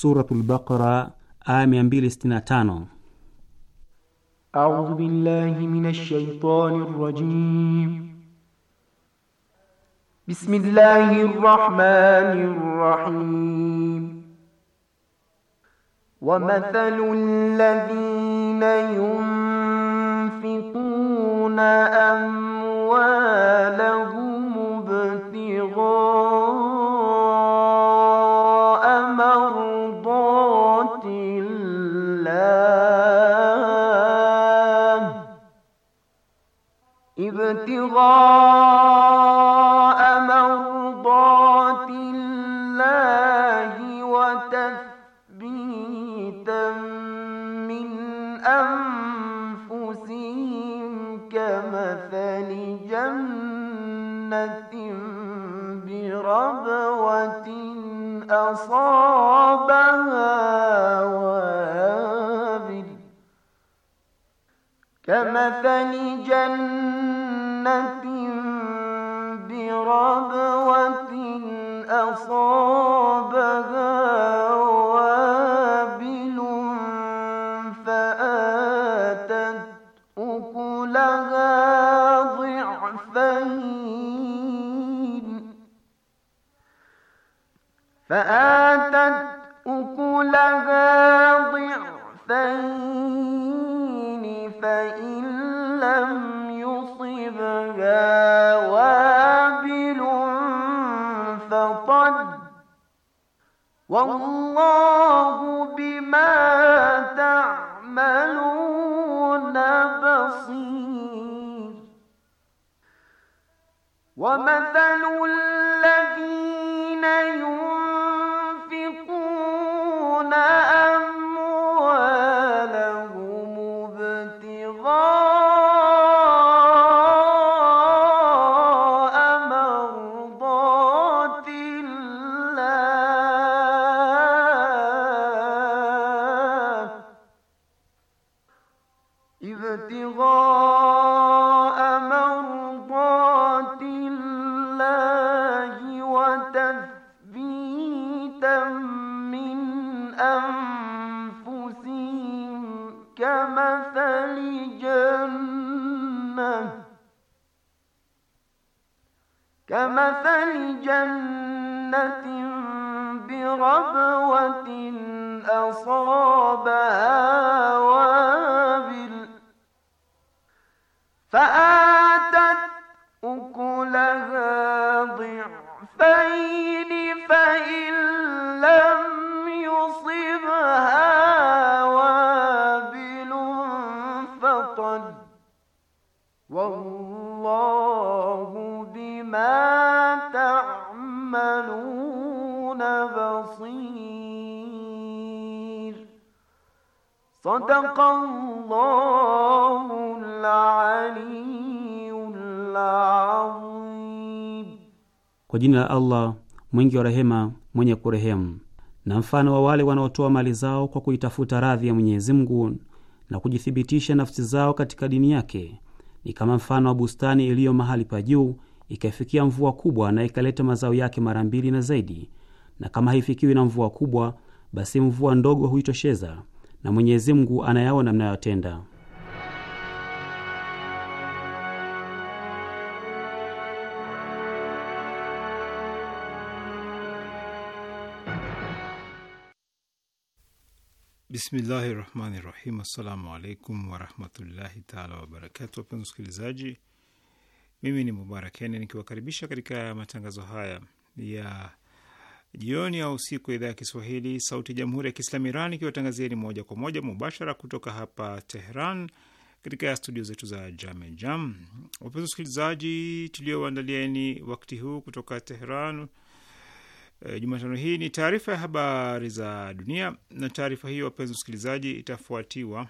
Suratul Baqara aya mia mbili tano. A'udhu billahi minash shaitanir rajim. Bismillahir rahmanir rahim. ومثل الذين ينفقون أموالهم مرضات الله وتثبيتا من أنفسهم كمثل جنة بربوة أصابها وابل كمثل جنة صالحا Kwa jina la Allah mwingi wa rehema mwenye kurehemu. Na mfano wa wale wanaotoa mali zao kwa kuitafuta radhi ya Mwenyezi Mungu na kujithibitisha nafsi zao katika dini yake ni kama mfano wa bustani iliyo mahali pa juu ikaifikia mvua kubwa na ikaleta mazao yake mara mbili na zaidi, na kama haifikiwi na mvua kubwa, basi mvua ndogo huitosheza na Mwenyezi Mungu anayaona mnayotenda. Bismillahi rahmani rahim. Assalamu alaikum warahmatullahi taala wabarakatu. Wapenzi wasikilizaji, mimi ni Mubarakeni nikiwakaribisha katika matangazo haya ya jioni au usiku ya idhaa ya Kiswahili sauti ya jamhuri ya Kiislamu Iran ikiwatangazieni moja kwa moja mubashara kutoka hapa Tehran katika studio zetu za Jame Jam. Wapenzi wasikilizaji, tulioandalieni wakti huu kutoka Tehran e, Jumatano hii ni taarifa ya habari za dunia, na taarifa hiyo wapenzi wasikilizaji, itafuatiwa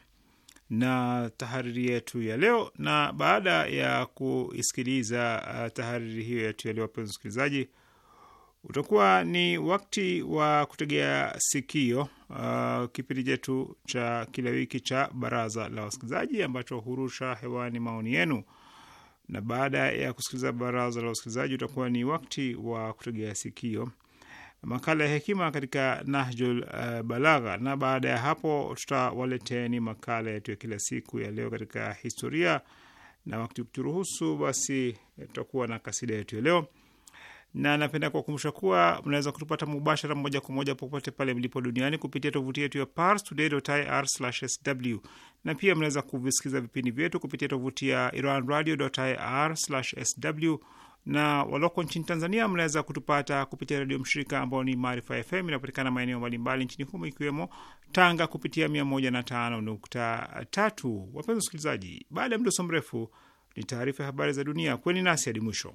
na tahariri yetu ya leo, na baada ya kuisikiliza eh, tahariri hiyo yetu ya leo, wapenzi wasikilizaji utakuwa ni wakati wa kutegea sikio uh, kipindi chetu cha kila wiki cha Baraza la Wasikilizaji ambacho hurusha hewani maoni yenu, na baada ya kusikiliza Baraza la Wasikilizaji utakuwa ni wakati wa kutegea sikio makala ya hekima katika Nahjul uh, Balagha, na baada ya hapo tutawaleteni makala yetu ya kila siku ya leo katika historia, na wakati kuturuhusu, basi tutakuwa na kasida yetu ya leo na napenda kuwakumbusha kuwa mnaweza kutupata mubashara moja kwa moja popote pale mlipo duniani kupitia tovuti yetu ya parstoday.ir/sw, na pia mnaweza kuvisikiza vipindi vyetu kupitia tovuti ya iranradio.ir/sw, na waloko nchini Tanzania mnaweza kutupata kupitia redio mshirika ambao ni Maarifa FM. Inapatikana maeneo mbalimbali nchini humo ikiwemo Tanga kupitia 105.3. Wapenzi wasikilizaji, baada ya mdoso mrefu ni taarifa ya habari za dunia, kweni nasi hadi mwisho.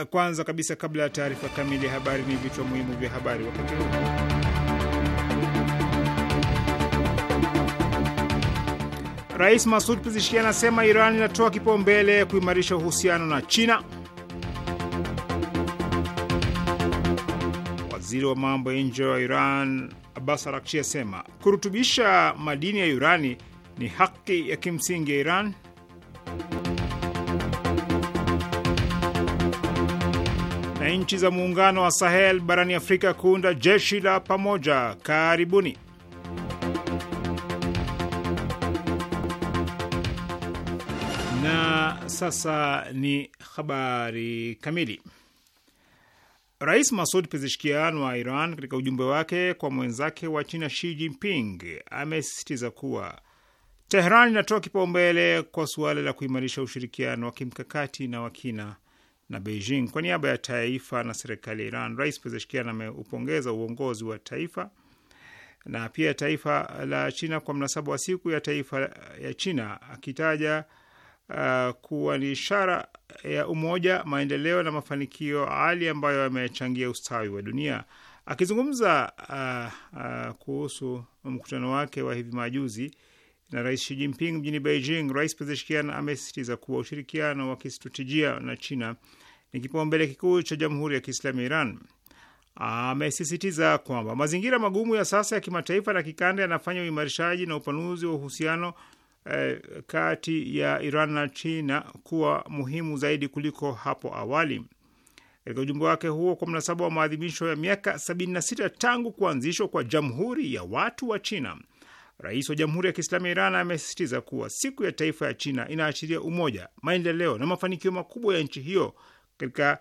Eh, kwanza kabisa, kabla ya taarifa kamili ya habari, ni vichwa muhimu vya habari wakati huu. Rais Masud Pezeshkian anasema Iran inatoa kipaumbele kuimarisha uhusiano na China. Waziri wa mambo ya nje wa Iran Abbas Arakchi asema kurutubisha madini ya urani ni haki ya kimsingi ya Iran. nchi za muungano wa Sahel barani Afrika kuunda jeshi la pamoja. Karibuni. Na sasa ni habari kamili. Rais Masud Pezeshkian wa Iran katika ujumbe wake kwa mwenzake wa China Xi Jinping amesisitiza kuwa Tehran inatoa kipaumbele kwa suala la kuimarisha ushirikiano wa kimkakati na wa kina na Beijing. Kwa niaba ya taifa na serikali ya Iran, Rais Pezeshkian ameupongeza uongozi wa taifa na pia taifa la China kwa mnasaba wa siku ya taifa ya China, akitaja uh, kuwa ni ishara ya umoja, maendeleo na mafanikio hali ambayo yamechangia ustawi wa dunia. Akizungumza uh, uh, kuhusu mkutano wake wa hivi majuzi na Rais Xi Jinping mjini Beijing, Rais Pezeshkian amesisitiza kuwa ushirikiano wa kistratejia na China ni kipaumbele kikuu cha Jamhuri ya Kiislamu ya Iran. Amesisitiza kwamba mazingira magumu ya sasa ya kimataifa na kikanda yanafanya uimarishaji na upanuzi wa uhusiano eh, kati ya Iran na China kuwa muhimu zaidi kuliko hapo awali. Katika ujumbe wake huo kwa mnasaba wa maadhimisho ya miaka 76 tangu kuanzishwa kwa Jamhuri ya Watu wa China, Rais wa Jamhuri ya Kiislamu ya Iran amesisitiza kuwa siku ya taifa ya China inaashiria umoja, maendeleo na mafanikio makubwa ya nchi hiyo katika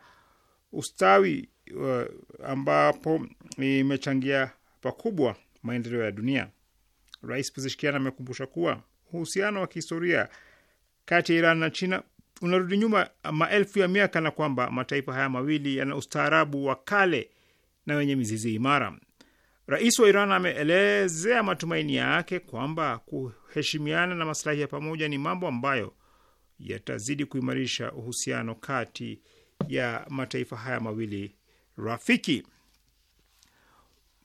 ustawi uh, ambapo imechangia pakubwa maendeleo ya dunia. Rais Pezeshkian amekumbusha kuwa uhusiano wa kihistoria kati ya Iran na China unarudi nyuma maelfu ya miaka na kwamba mataifa haya mawili yana ustaarabu wa kale na wenye mizizi imara. Rais wa Iran ameelezea matumaini yake kwamba kuheshimiana na maslahi ya pamoja ni mambo ambayo yatazidi kuimarisha uhusiano kati ya mataifa haya mawili rafiki.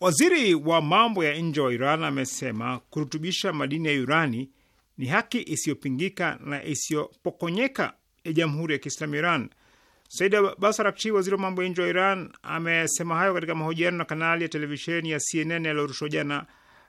Waziri wa mambo ya nje wa Iran amesema kurutubisha madini ya urani ni haki isiyopingika na isiyopokonyeka ya Jamhuri ya Kiislamu Iran. Said Abbas waziri wa mambo ya nje wa Iran, amesema hayo katika mahojiano na kanali ya televisheni ya CNN yaliyorushwa jana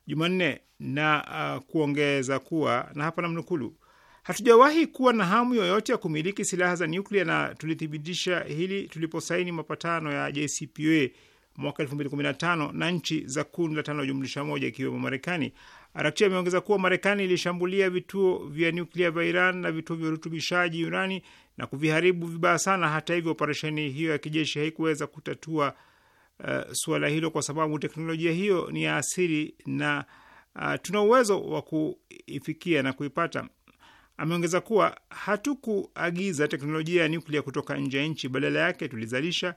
Jumanne na uh, kuongeza kuwa na hapa namnukulu Hatujawahi kuwa na hamu yoyote ya kumiliki silaha za nyuklia na tulithibitisha hili tuliposaini mapatano ya JCPOA mwaka 2015 na nchi za kundi la tano jumlisha moja ikiwemo Marekani. Arakchi ameongeza kuwa Marekani ilishambulia vituo vya nyuklia vya Iran na vituo vya urutubishaji urani na kuviharibu vibaya sana. Hata hivyo, operesheni hiyo ya kijeshi haikuweza kutatua uh, suala hilo kwa sababu teknolojia hiyo ni ya asili na uh, tuna uwezo wa kuifikia na kuipata. Ameongeza kuwa hatukuagiza teknolojia ya nyuklia kutoka nje ya nchi, badala yake tulizalisha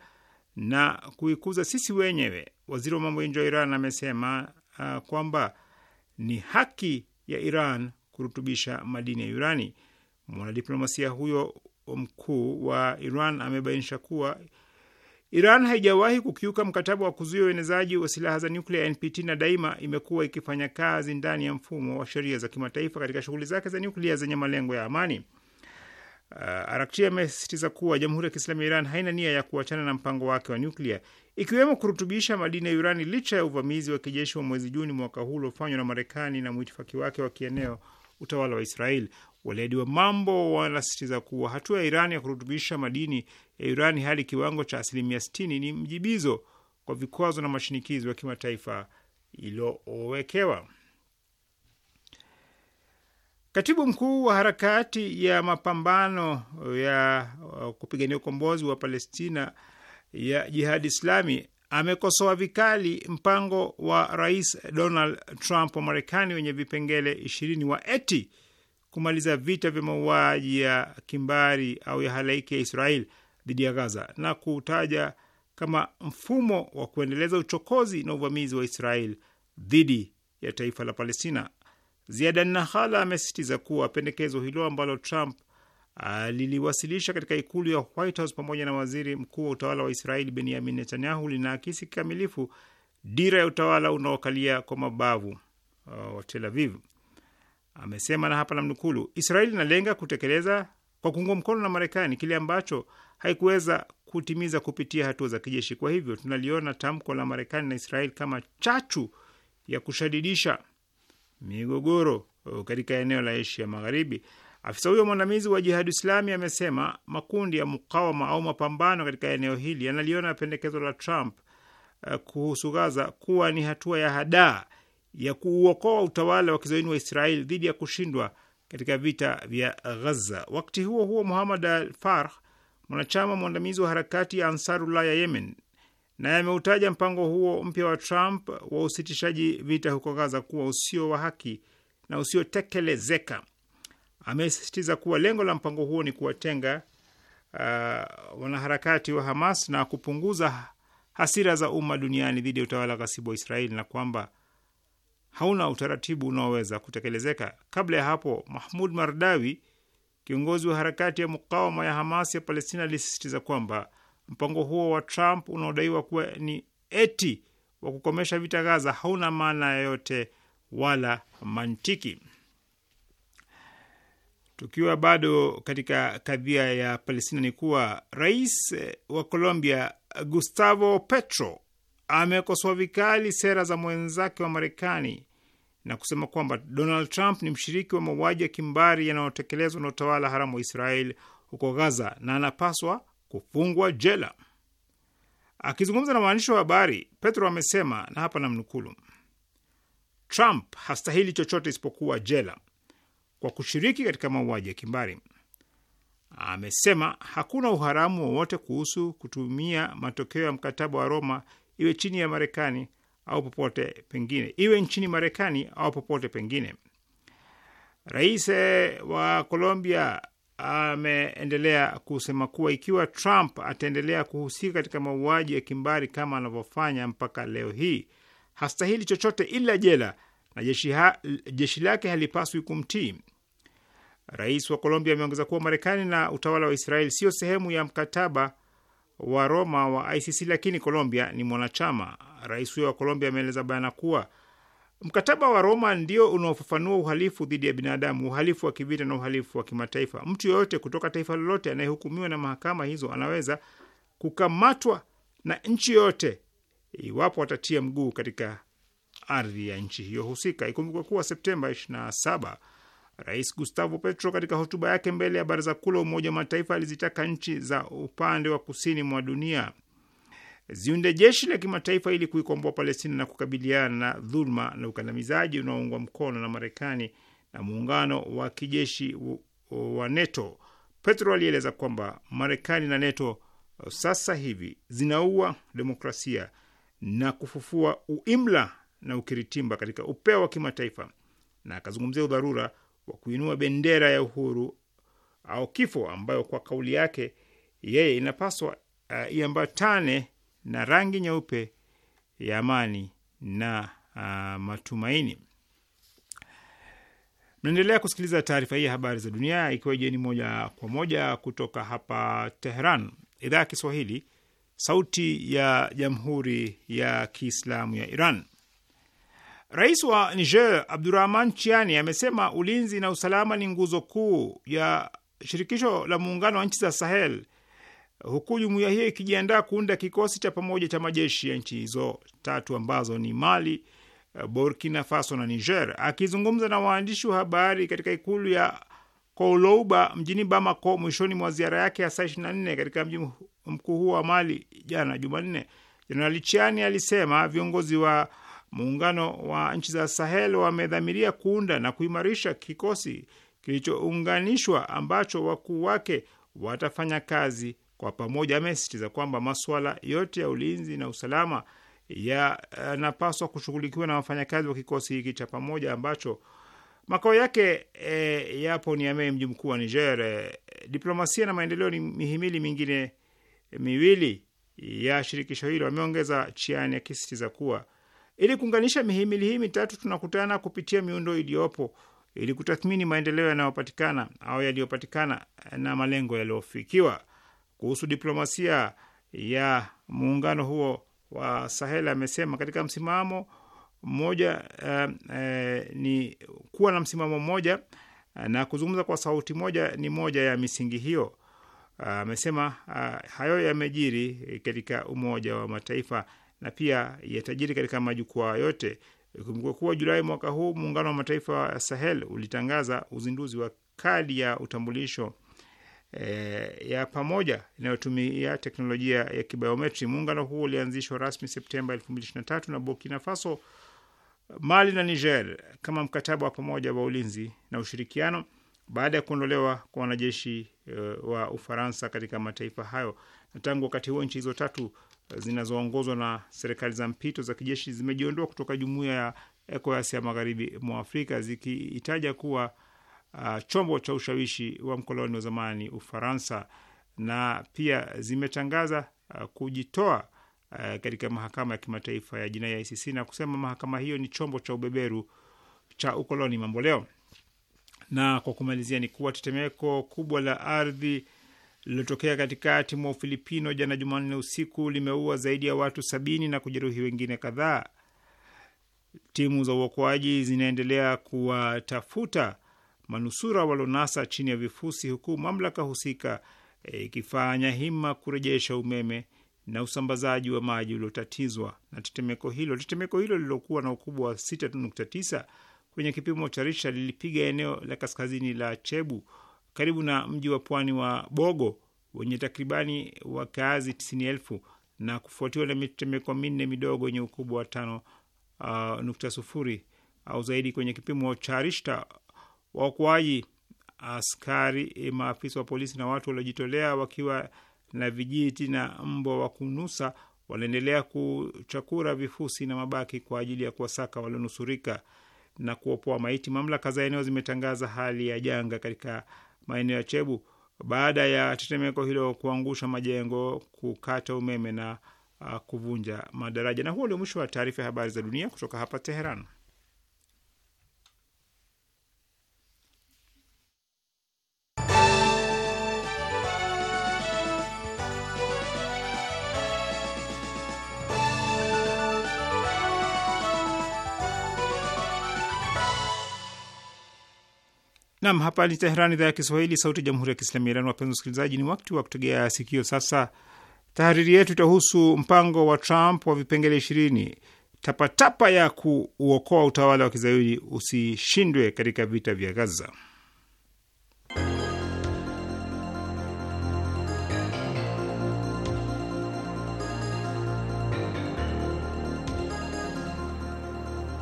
na kuikuza sisi wenyewe. Waziri wa mambo ya nje wa Iran amesema uh, kwamba ni haki ya Iran kurutubisha madini ya urani. Mwanadiplomasia huyo mkuu wa Iran amebainisha kuwa Iran haijawahi kukiuka mkataba wa kuzuia uenezaji wa silaha za nyuklia NPT na daima imekuwa ikifanya kazi ndani ya mfumo wa sheria za kimataifa katika shughuli zake za nyuklia zenye malengo ya amani. Uh, Arakchi amesisitiza kuwa Jamhuri ya Kiislamu ya Iran haina nia ya kuachana na mpango wake wa nyuklia, ikiwemo kurutubisha madini ya urani licha ya uvamizi wa kijeshi wa mwezi Juni mwaka huu uliofanywa na Marekani na mwitifaki wake wa kieneo utawala wa Israel. Weledi wa mambo wanasisitiza kuwa hatua ya Iran ya kurutubisha madini ya urani hadi kiwango cha asilimia 60 ni mjibizo kwa vikwazo na mashinikizo ya kimataifa iliowekewa. Katibu mkuu wa harakati ya mapambano ya uh, kupigania ukombozi wa Palestina ya Jihadi Islami amekosoa vikali mpango wa Rais Donald Trump wa Marekani wenye vipengele ishirini wa eti kumaliza vita vya mauaji ya kimbari au ya halaiki ya Israel dhidi ya Gaza na kutaja kama mfumo wa kuendeleza uchokozi na uvamizi wa Israel dhidi ya taifa la Palestina. ziada Nahala amesisitiza kuwa pendekezo hilo ambalo Trump aliliwasilisha katika ikulu ya White House pamoja na waziri mkuu wa utawala wa Israeli Benyamin Netanyahu linaakisi kikamilifu dira ya utawala unaokalia kwa mabavu uh, wa Tel Aviv amesema, na hapa namnukuu, Israeli inalenga kutekeleza kwa kuungwa mkono na Marekani kile ambacho haikuweza kutimiza kupitia hatua za kijeshi. Kwa hivyo tunaliona tamko la Marekani na Israeli kama chachu ya kushadidisha migogoro e, katika eneo la Asia Magharibi. Afisa huyo mwandamizi wa Jihadi Islami amesema makundi ya mukawama au mapambano katika eneo hili yanaliona pendekezo la Trump e, kuhusu Gaza kuwa ni hatua ya hadaa ya kuuokoa utawala wa kizayuni wa Israel dhidi ya kushindwa katika vita vya Ghaza. Wakati huo huo, Muhamad al Farh, mwanachama mwandamizi wa harakati ya Ansarullah ya Yemen, naye ameutaja mpango huo mpya wa Trump wa usitishaji vita huko Ghaza kuwa usio wa haki na usiotekelezeka. Amesisitiza kuwa lengo la mpango huo ni kuwatenga uh, wanaharakati wa Hamas na kupunguza hasira za umma duniani dhidi ya utawala ghasibu wa Israeli na kwamba hauna utaratibu unaoweza kutekelezeka. Kabla ya hapo, Mahmud Mardawi, kiongozi wa harakati ya mukawama ya Hamas ya Palestina, alisisitiza kwamba mpango huo wa Trump unaodaiwa kuwa ni eti wa kukomesha vita Gaza hauna maana yoyote wala mantiki. Tukiwa bado katika kadhia ya Palestina, ni kuwa rais wa Colombia Gustavo Petro amekosoa vikali sera za mwenzake wa Marekani na kusema kwamba Donald Trump ni mshiriki wa mauaji ya kimbari yanayotekelezwa na utawala haramu wa Israeli huko Gaza na anapaswa kufungwa jela. Akizungumza na waandishi wa habari, Petro amesema, na hapa namnukulu, Trump hastahili chochote isipokuwa jela kwa kushiriki katika mauaji ya kimbari. Amesema hakuna uharamu wowote kuhusu kutumia matokeo ya mkataba wa Roma iwe chini ya Marekani au popote pengine, iwe nchini Marekani au popote pengine. Rais eh, wa Colombia ameendelea kusema kuwa ikiwa Trump ataendelea kuhusika katika mauaji ya kimbari kama anavyofanya mpaka leo hii, hastahili chochote ila jela na jeshi, ha, jeshi lake halipaswi kumtii. Rais wa Colombia ameongeza kuwa Marekani na utawala wa Israeli sio sehemu ya mkataba wa Roma wa ICC, lakini Colombia ni mwanachama. Rais huyo wa Colombia ameeleza bayana kuwa mkataba wa Roma ndio unaofafanua uhalifu dhidi ya binadamu, uhalifu wa kivita na uhalifu wa kimataifa. Mtu yoyote kutoka taifa lolote anayehukumiwa na mahakama hizo anaweza kukamatwa na nchi yoyote iwapo atatia mguu katika ardhi ya nchi hiyo husika. Ikumbukwe kuwa Septemba 27 Rais Gustavo Petro katika hotuba yake mbele ya Baraza Kuu la Umoja wa Mataifa alizitaka nchi za upande wa kusini mwa dunia ziunde jeshi la kimataifa ili kuikomboa Palestina na kukabiliana na dhuluma na ukandamizaji unaoungwa mkono na Marekani na muungano wa kijeshi wa NATO. Petro alieleza kwamba Marekani na NATO sasa hivi zinaua demokrasia na kufufua uimla na ukiritimba katika upeo wa kimataifa, na akazungumzia udharura wa kuinua bendera ya uhuru au kifo, ambayo kwa kauli yake yeye inapaswa uh, iambatane na rangi nyeupe ya amani na uh, matumaini. Mnaendelea kusikiliza taarifa hii ya habari za dunia, ikiwa jeni moja kwa moja kutoka hapa Tehran, idhaa ya Kiswahili, sauti ya jamhuri ya kiislamu ya Iran. Rais wa Niger Abdurahman Chiani amesema ulinzi na usalama ni nguzo kuu ya shirikisho la muungano wa nchi za Sahel, huku jumuiya hiyo ikijiandaa kuunda kikosi cha pamoja cha majeshi ya nchi hizo tatu ambazo ni Mali, Burkina Faso na Niger. Akizungumza na waandishi wa habari katika ikulu ya Koulouba mjini Bamako mwishoni mwa ziara yake ya saa 24 katika mji mkuu huo wa Mali jana Jumanne, Jenerali Chiani alisema viongozi wa muungano wa nchi za Sahel wamedhamiria kuunda na kuimarisha kikosi kilichounganishwa ambacho wakuu wake watafanya kazi kwa pamoja. Amesisitiza kwamba masuala yote ya ulinzi na usalama yanapaswa kushughulikiwa na wafanyakazi wa kikosi hiki cha pamoja ambacho makao yake e, yapo Niamey, mji mkuu wa Niger. E, diplomasia na maendeleo ni mihimili mingine miwili ya shirikisho hilo. Ameongeza Chiani akisisitiza kuwa ili kuunganisha mihimili hii mitatu, tunakutana kupitia miundo iliyopo ili kutathmini maendeleo yanayopatikana au yaliyopatikana na malengo yaliyofikiwa. Kuhusu diplomasia ya muungano huo wa Sahel amesema katika msimamo mmoja uh, uh, ni kuwa na msimamo mmoja uh, na kuzungumza kwa sauti moja ni moja ya misingi hiyo. Amesema uh, uh, hayo yamejiri katika Umoja wa Mataifa na pia yatajiri katika majukwaa yote. Ikumbukwe kuwa Julai mwaka huu muungano wa mataifa ya Sahel ulitangaza uzinduzi wa kadi ya utambulisho e, ya pamoja inayotumia teknolojia ya kibiometri. Muungano huu ulianzishwa rasmi Septemba 2023 na Burkina Faso, Mali na Niger kama mkataba wa pamoja wa ulinzi na ushirikiano baada ya kuondolewa kwa wanajeshi e, wa Ufaransa katika mataifa hayo. Na tangu wakati huo nchi hizo tatu zinazoongozwa na serikali za mpito za kijeshi zimejiondoa kutoka jumuiya ya ECOWAS ya magharibi mwa Afrika zikihitaja kuwa uh, chombo cha ushawishi wa mkoloni wa zamani Ufaransa, na pia zimetangaza uh, kujitoa uh, katika mahakama ya kimataifa ya jinai ya ICC na kusema mahakama hiyo ni chombo cha ubeberu cha ukoloni mamboleo. Na kwa kumalizia ni kuwa tetemeko kubwa la ardhi lililotokea katikati mwa Ufilipino jana Jumanne usiku limeua zaidi ya watu sabini na kujeruhi wengine kadhaa. Timu za uokoaji zinaendelea kuwatafuta manusura walonasa chini ya vifusi, huku mamlaka husika ikifanya e, hima kurejesha umeme na usambazaji wa maji uliotatizwa na tetemeko hilo. Tetemeko hilo lililokuwa na ukubwa wa 6.9 kwenye kipimo cha Richter lilipiga eneo la kaskazini la chebu karibu na mji wa pwani wa Bogo wenye takribani wakazi tisini elfu na kufuatiwa na mitetemeko minne midogo yenye ukubwa wa tano uh, nukta sufuri au zaidi kwenye kipimo cha rishta Waokoaji, askari, maafisa wa polisi na watu waliojitolea wakiwa na vijiti na mbwa wa kunusa wanaendelea kuchakura vifusi na mabaki kwa ajili ya kuwasaka walionusurika na kuopoa maiti. Mamlaka za eneo zimetangaza hali ya janga katika maeneo ya Chebu baada ya tetemeko hilo kuangusha majengo, kukata umeme na uh, kuvunja madaraja. Na huo ndio mwisho wa taarifa ya habari za dunia kutoka hapa Teheran. Nam, hapa ni Teheran, idhaa ya Kiswahili, sauti ya jamhuri ya kiislamu ya Iran. Wapenzi wasikilizaji, ni wakati wa kutegea sikio sasa. Tahariri yetu itahusu mpango wa Trump wa vipengele ishirini, tapatapa ya kuuokoa utawala wa kizayuni usishindwe katika vita vya Gaza.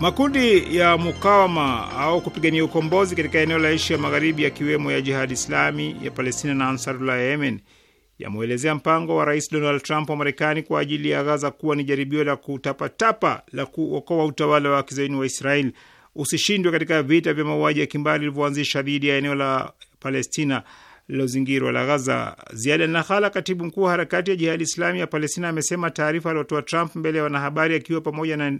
Makundi ya mukawama au kupigania ukombozi katika eneo la Asia Magharibi yakiwemo ya Jihad Islami ya Palestina na Ansarullah ya Yemen yamwelezea mpango wa Rais Donald Trump wa Marekani kwa ajili ya Gaza kuwa ni jaribio la kutapatapa la kuokoa utawala wa kizaini wa Israel usishindwe katika vita vya mauaji ya kimbari vilivyoanzisha dhidi ya eneo la Palestina lilozingirwa la Gaza. Ziada Nahala, katibu mkuu wa harakati ya Jihadi Islami ya Palestina, amesema taarifa aliotoa Trump mbele ya wanahabari akiwa pamoja na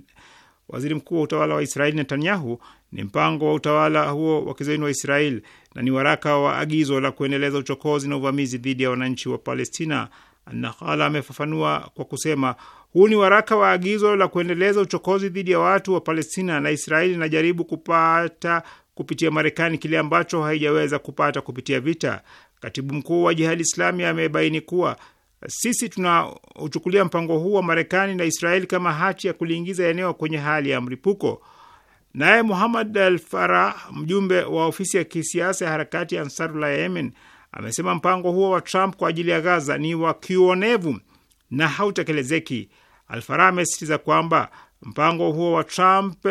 waziri mkuu wa utawala wa Israeli Netanyahu ni mpango wa utawala huo wa kizaini wa Israeli na ni waraka wa agizo la kuendeleza uchokozi na uvamizi dhidi ya wananchi wa Palestina. Nahala amefafanua kwa kusema, huu ni waraka wa agizo la kuendeleza uchokozi dhidi ya watu wa Palestina, na Israeli inajaribu kupata kupitia Marekani kile ambacho haijaweza kupata kupitia vita. Katibu mkuu wa Jihadi Islami amebaini kuwa sisi tunauchukulia mpango huu wa Marekani na Israeli kama hati ya kuliingiza eneo kwenye hali ya mlipuko. Naye Muhamad Al Fara, mjumbe wa ofisi ya kisiasa ya harakati ya Ansarullah ya Yemen, amesema mpango huo wa Trump kwa ajili ya Gaza ni wa kiuonevu na hautekelezeki. Al Fara amesisitiza kwamba mpango huo wa Trump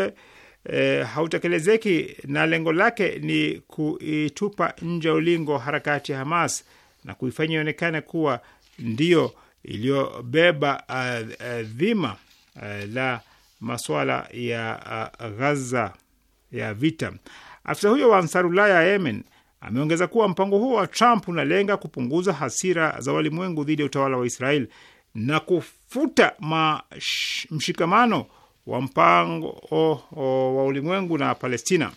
e, hautekelezeki na lengo lake ni kuitupa nje ya ulingo harakati ya Hamas na kuifanya ionekane kuwa ndiyo iliyobeba uh, uh, dhima uh, la masuala ya Ghaza ya vita. Afisa huyo wa Ansarullah ya Yemen ameongeza kuwa mpango huo wa Trump unalenga kupunguza hasira za walimwengu dhidi ya utawala wa Israel na kufuta mshikamano wa mpango oh, oh, wa ulimwengu na Palestina.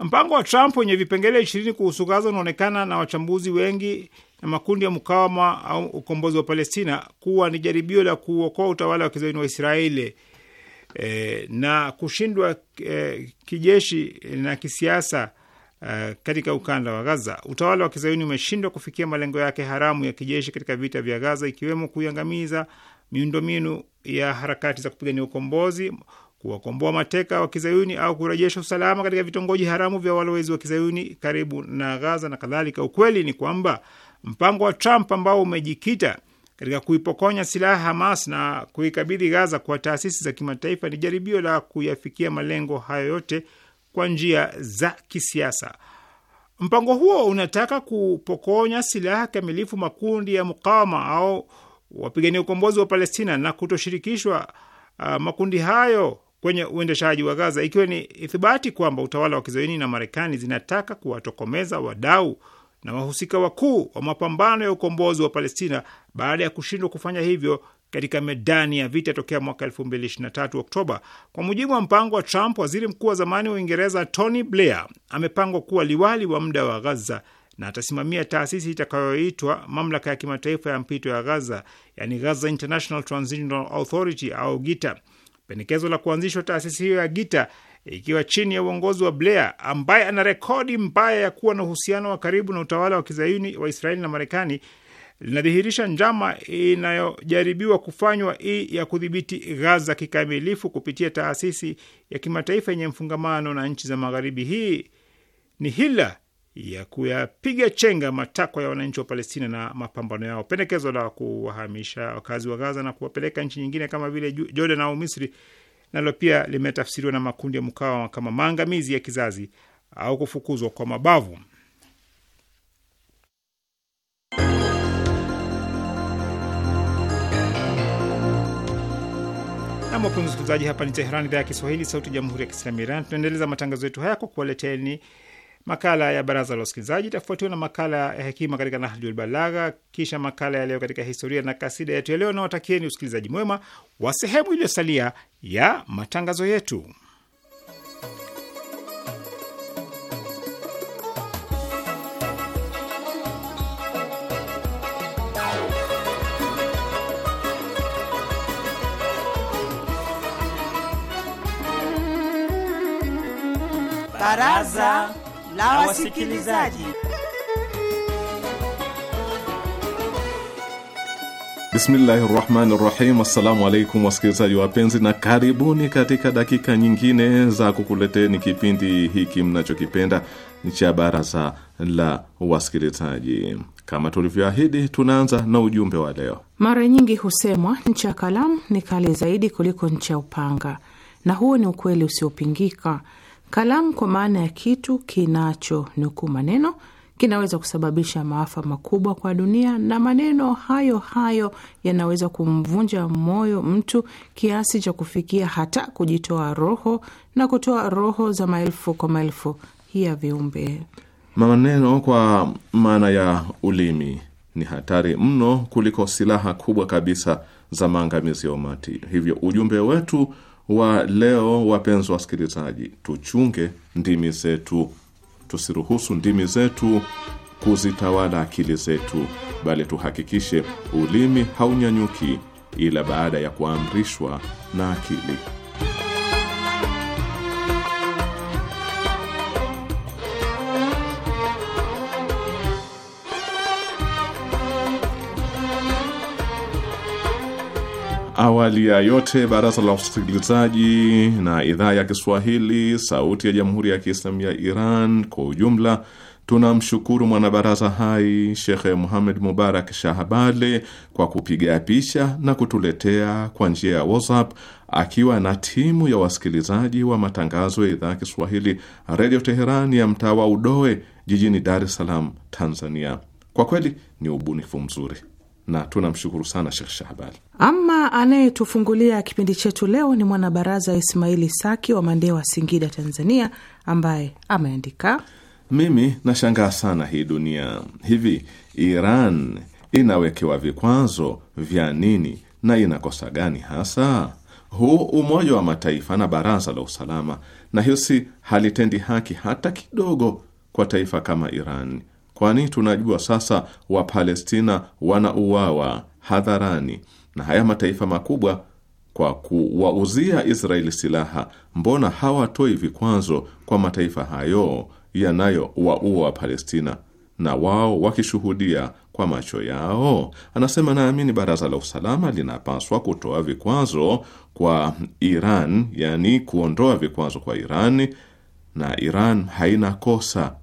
Mpango wa Trump wenye vipengele ishirini kuhusu Gaza unaonekana na wachambuzi wengi na makundi ya mukawama au ukombozi wa Palestina kuwa ni jaribio la kuokoa utawala wa kizayuni wa Israeli e, na kushindwa e, kijeshi na kisiasa e, katika ukanda wa Gaza. Utawala wa kizayuni umeshindwa kufikia malengo yake haramu ya kijeshi katika vita vya Gaza, ikiwemo kuiangamiza miundombinu ya harakati za kupigania ukombozi, kuwakomboa mateka wa kizayuni au kurejesha usalama katika vitongoji haramu vya walowezi wa kizayuni karibu na Gaza na kadhalika. Ukweli ni kwamba mpango wa Trump ambao umejikita katika kuipokonya silaha Hamas na kuikabidhi Gaza kwa taasisi za kimataifa ni jaribio la kuyafikia malengo hayo yote kwa njia za kisiasa. Mpango huo unataka kupokonya silaha kamilifu makundi ya mukawama au wapigania ukombozi wa Palestina na kutoshirikishwa uh, makundi hayo kwenye uendeshaji wa Gaza, ikiwa ni ithibati kwamba utawala wa kizayuni na Marekani zinataka kuwatokomeza wadau na wahusika wakuu wa mapambano ya ukombozi wa Palestina baada ya kushindwa kufanya hivyo katika medani ya vita tokea mwaka 2023 Oktoba. Kwa mujibu wa mpango wa Trump, waziri mkuu wa zamani wa Uingereza Tony Blair amepangwa kuwa liwali wa muda wa Gaza na atasimamia taasisi itakayoitwa mamlaka ya kimataifa ya mpito ya Gaza, yani Gaza International Transitional Authority au Gita. Pendekezo la kuanzishwa taasisi hiyo ya Gita ikiwa chini ya uongozi wa Blair ambaye ana rekodi mbaya ya kuwa na uhusiano wa karibu na utawala wa kizayuni wa Israeli na Marekani linadhihirisha njama inayojaribiwa kufanywa hii ya kudhibiti Gaza kikamilifu kupitia taasisi ya kimataifa yenye mfungamano na nchi za Magharibi. Hii ni hila ya kuyapiga chenga matakwa ya wananchi wa Palestina na mapambano yao. Pendekezo la kuwahamisha wakazi wa Gaza na kuwapeleka nchi nyingine kama vile Jordan au Misri nalo pia limetafsiriwa na makundi ya mkawama kama maangamizi ya kizazi au kufukuzwa kwa mabavu. Wapenzi wasikilizaji, hapa ni Teheran, idhaa ya Kiswahili, sauti ya jamhuri ya kiislamu Iran. Tunaendeleza matangazo yetu haya kwa kuwaleteni Makala ya baraza la wasikilizaji itafuatiwa na makala ya hekima katika Nahjul Balagha, kisha makala ya leo katika historia na kasida yetu ya leo, usikilizaji mwema wa sehemu iliyosalia ya matangazo yetu. Baraza la wasikilizaji. Bismillahi rahmani rahim. Assalamu alaikum wasikilizaji wapenzi, na karibuni katika dakika nyingine za kukuleteni kipindi hiki mnachokipenda cha baraza la wasikilizaji. Kama tulivyoahidi, tunaanza na ujumbe wa leo. Mara nyingi husemwa ncha ya kalamu ni kali zaidi kuliko ncha ya upanga, na huo ni ukweli usiopingika. Kalamu kwa maana ya kitu kinachonukuu maneno kinaweza kusababisha maafa makubwa kwa dunia, na maneno hayo hayo yanaweza kumvunja moyo mtu kiasi cha kufikia hata kujitoa roho na kutoa roho za maelfu kwa maelfu ya viumbe. Maneno kwa maana ya ulimi ni hatari mno kuliko silaha kubwa kabisa za maangamizi ya umati. Hivyo ujumbe wetu wa leo. Wapenzi wasikilizaji, tuchunge ndimi zetu, tusiruhusu ndimi zetu kuzitawala akili zetu, bali tuhakikishe ulimi haunyanyuki ila baada ya kuamrishwa na akili. Awali ya yote, baraza la usikilizaji na idhaa ya Kiswahili sauti ya jamhuri ya Kiislamu ya Iran kwa ujumla tunamshukuru mwanabaraza hai Shekhe Muhamed Mubarak Shahbale kwa kupiga picha na kutuletea kwa njia ya WhatsApp akiwa na timu ya wasikilizaji wa matangazo ya idhaa ya Kiswahili Redio Teheran ya mtaa wa Udoe jijini Dar es Salaam, Tanzania. Kwa kweli ni ubunifu mzuri na tunamshukuru sana Shekh Shahbal. Ama anayetufungulia kipindi chetu leo ni mwanabaraza Ismaili Saki wa wa Singida, Tanzania, ambaye ameandika, mimi nashangaa sana hii dunia. Hivi Iran inawekewa vikwazo vya nini na inakosa gani hasa? Huu Umoja wa Mataifa na Baraza la Usalama na hisi halitendi haki hata kidogo kwa taifa kama Iran kwani tunajua sasa Wapalestina wanauawa hadharani na haya mataifa makubwa kwa kuwauzia Israeli silaha. Mbona hawatoi vikwazo kwa mataifa hayo yanayowaua Wapalestina na wao wakishuhudia kwa macho yao? Anasema, naamini baraza la usalama linapaswa kutoa vikwazo kwa Iran, yani kuondoa vikwazo kwa Iran, na Iran haina kosa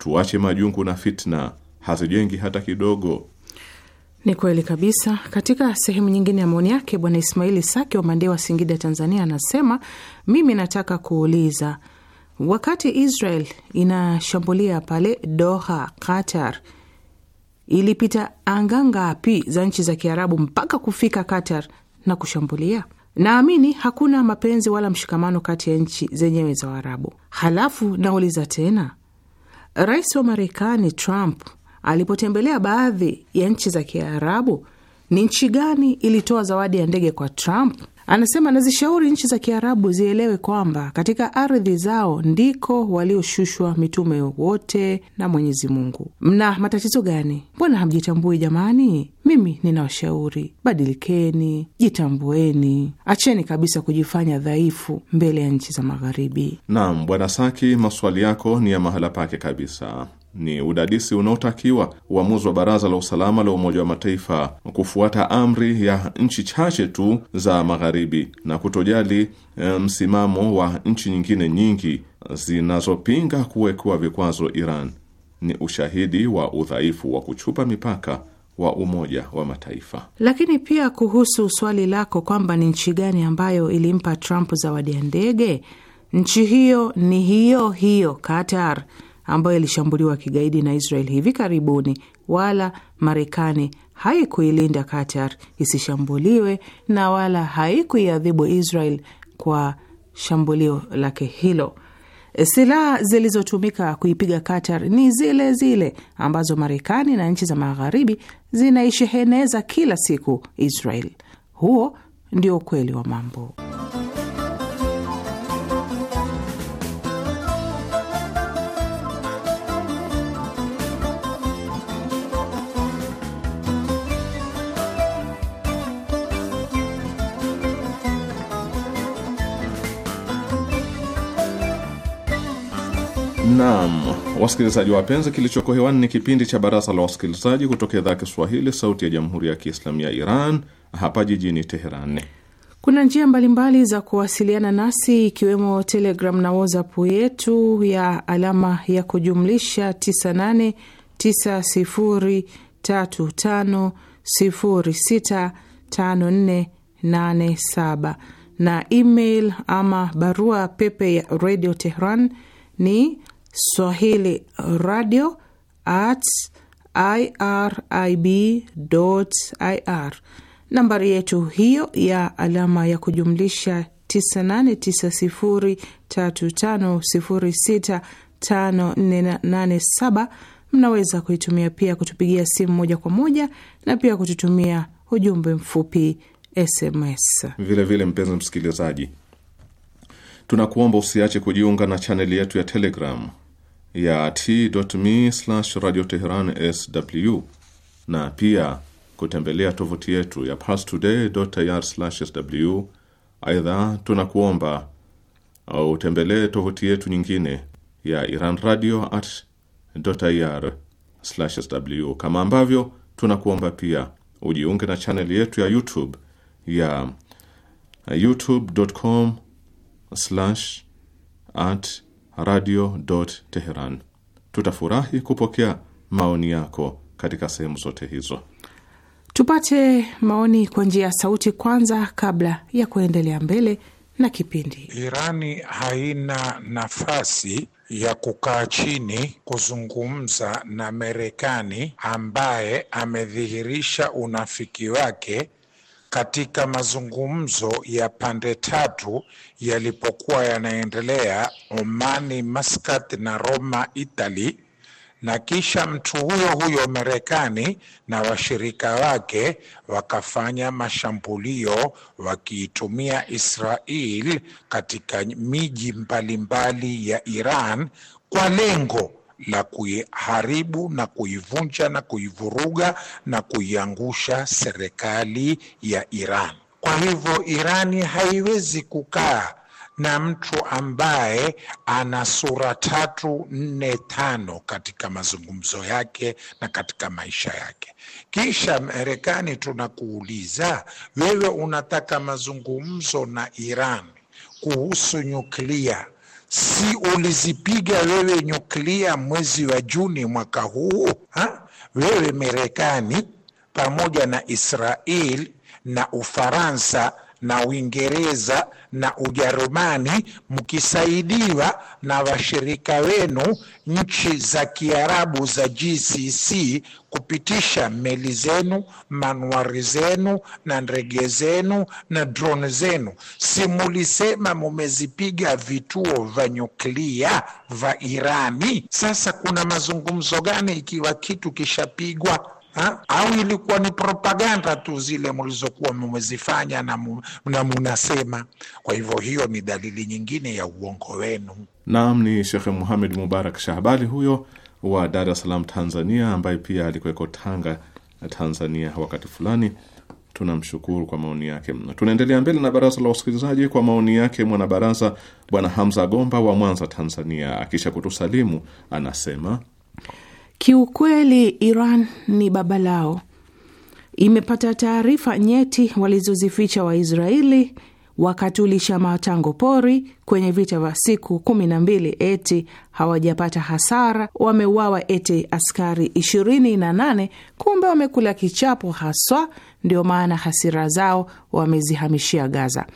Tuache majungu na fitna, hazijengi hata kidogo. Ni kweli kabisa. Katika sehemu nyingine ya maoni yake, Bwana Ismaili Sake wa Mandeo wa Singida, Tanzania, anasema mimi nataka kuuliza, wakati Israel inashambulia pale Doha, Qatar, ilipita anga ngapi za nchi za Kiarabu mpaka kufika Qatar na kushambulia? Naamini hakuna mapenzi wala mshikamano kati ya nchi zenyewe za Waarabu. Halafu nauliza tena Rais wa Marekani Trump alipotembelea baadhi ya nchi za Kiarabu, ni nchi gani ilitoa zawadi ya ndege kwa Trump? Anasema nazishauri nchi za Kiarabu zielewe kwamba katika ardhi zao ndiko walioshushwa mitume wote na Mwenyezi Mungu. Mna matatizo gani? Mbona hamjitambui jamani? Mimi ninawashauri badilikeni, jitambueni, acheni kabisa kujifanya dhaifu mbele ya nchi za Magharibi. Naam, Bwana Saki, maswali yako ni ya mahala pake kabisa ni udadisi unaotakiwa. Uamuzi wa Baraza la Usalama la Umoja wa Mataifa kufuata amri ya nchi chache tu za Magharibi na kutojali eh, msimamo wa nchi nyingine nyingi zinazopinga kuwekewa vikwazo Iran ni ushahidi wa udhaifu wa kuchupa mipaka wa Umoja wa Mataifa. Lakini pia kuhusu swali lako kwamba ni nchi gani ambayo ilimpa Trump zawadi ya ndege, nchi hiyo ni hiyo hiyo Qatar ambayo ilishambuliwa kigaidi na Israel hivi karibuni, wala Marekani haikuilinda Qatar isishambuliwe na wala haikuiadhibu Israel kwa shambulio lake hilo. Silaha zilizotumika kuipiga Qatar ni zile zile ambazo Marekani na nchi za Magharibi zinaisheheneza kila siku Israel. Huo ndio ukweli wa mambo. Naam, wasikilizaji wapenzi, kilichoko hewani ni kipindi cha Baraza la Wasikilizaji kutoka idhaa ya Kiswahili, Sauti ya Jamhuri ya Kiislamu ya Iran, hapa jijini Teheran. Kuna njia mbalimbali za kuwasiliana nasi ikiwemo Telegram na WhatsApp yetu ya alama ya kujumlisha 989035065487 na email ama barua pepe ya Radio Tehran ni swahili radio at irib ir. Nambari yetu hiyo ya alama ya kujumlisha 989035065487 mnaweza kuitumia pia kutupigia simu moja kwa moja na pia kututumia ujumbe mfupi SMS. Vilevile vile, mpenzi msikilizaji, tunakuomba usiache kujiunga na chaneli yetu ya Telegram ya t.me radio Teheran sw na pia kutembelea tovuti yetu ya parstoday.ir/sw. Aidha, tunakuomba uh, utembelee tovuti yetu nyingine ya Iran radio at .ir/sw, kama ambavyo tunakuomba pia ujiunge na chaneli yetu ya YouTube ya uh, youtube.com at radio Teheran. Tutafurahi kupokea maoni yako katika sehemu zote hizo. Tupate maoni kwa njia ya sauti kwanza, kabla ya kuendelea mbele na kipindi. Irani haina nafasi ya kukaa chini kuzungumza na Marekani ambaye amedhihirisha unafiki wake katika mazungumzo ya pande tatu yalipokuwa yanaendelea Omani, Muscat na Roma, Italy, na kisha mtu huyo huyo Marekani na washirika wake wakafanya mashambulio wakiitumia Israel katika miji mbalimbali ya Iran kwa lengo la kuiharibu na kuivunja na kuivuruga na kuiangusha serikali ya Iran. Kwa hivyo, Irani haiwezi kukaa na mtu ambaye ana sura tatu nne tano katika mazungumzo yake na katika maisha yake. Kisha Marekani tunakuuliza wewe, unataka mazungumzo na Iran kuhusu nyuklia si ulizipiga wewe nyuklia mwezi wa Juni mwaka huu ha? Wewe Marekani pamoja na Israel na Ufaransa na Uingereza na Ujerumani mkisaidiwa na washirika wenu nchi za Kiarabu za GCC kupitisha meli zenu, manuari zenu na ndege zenu na drone zenu. Si mulisema mumezipiga vituo vya nyuklia vya Irani? Sasa kuna mazungumzo gani ikiwa kitu kishapigwa ha? au ilikuwa ni propaganda tu zile mlizokuwa mmezifanya na, na munasema? Kwa hivyo hiyo ni dalili nyingine ya uongo wenu. Naam, ni Shekhe Muhamed Mubarak Shahbali huyo wa Dar es Salaam, Tanzania, ambaye pia alikuweko Tanga, Tanzania wakati fulani. Tunamshukuru kwa maoni yake. Tunaendelea mbele na baraza la wasikilizaji kwa maoni yake mwanabaraza Bwana Hamza Gomba wa Mwanza, Tanzania. Akisha kutusalimu anasema Kiukweli Iran ni baba lao, imepata taarifa nyeti walizozificha Waisraeli wakatulisha matango pori kwenye vita vya siku kumi na mbili eti hawajapata hasara, wameuawa eti askari ishirini na nane kumbe wamekula kichapo haswa. Ndio maana hasira zao wamezihamishia Gaza.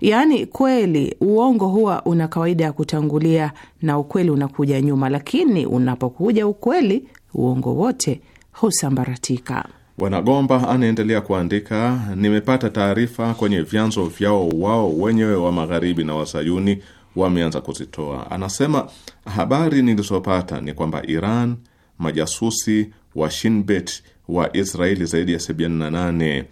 Yaani kweli uongo huwa una kawaida ya kutangulia na ukweli unakuja nyuma, lakini unapokuja ukweli, uongo wote husambaratika. Bwana Gomba anaendelea kuandika, nimepata taarifa kwenye vyanzo vyao wao wenyewe wa magharibi na wasayuni wameanza kuzitoa. Anasema habari nilizopata ni kwamba Iran majasusi wa Shinbet wa Israeli zaidi ya 78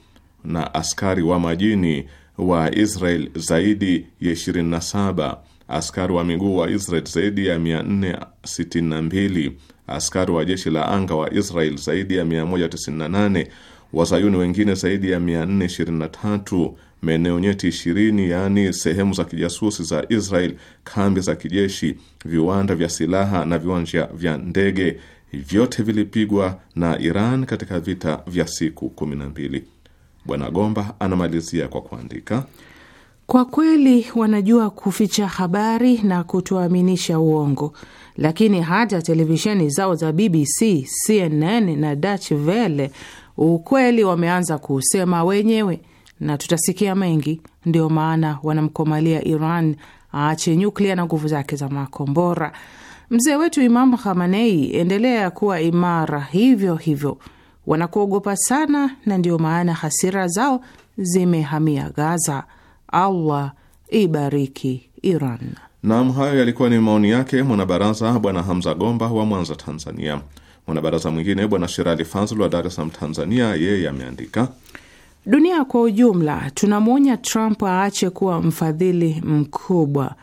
na askari wa majini wa Israel zaidi ya 27, askari wa miguu wa Israel zaidi ya 462, askari wa jeshi la anga wa Israel zaidi ya 198, wazayuni wengine zaidi ya 423, maeneo nyeti 20, yaani sehemu za kijasusi za Israel, kambi za kijeshi, viwanda vya silaha na viwanja vya ndege, vyote vilipigwa na Iran katika vita vya siku 12. Bwana Gomba anamalizia kwa kuandika, kwa kweli wanajua kuficha habari na kutoaminisha uongo, lakini hata televisheni zao za BBC, CNN na Deutsche Welle ukweli wameanza kuusema wenyewe, na tutasikia mengi. Ndio maana wanamkomalia Iran aache nyuklia na nguvu zake za makombora. Mzee wetu imamu Khamenei, endelea kuwa imara hivyo hivyo, wanakuogopa sana, na ndiyo maana hasira zao zimehamia Gaza. Allah ibariki Iran. Naam, hayo yalikuwa ni maoni yake mwanabaraza Bwana Hamza Gomba wa Mwanza, Tanzania. Mwanabaraza mwingine Bwana Sherali Fazl wa Dar es Salaam, Tanzania, yeye ameandika dunia kwa ujumla tunamwonya Trump aache kuwa mfadhili mkubwa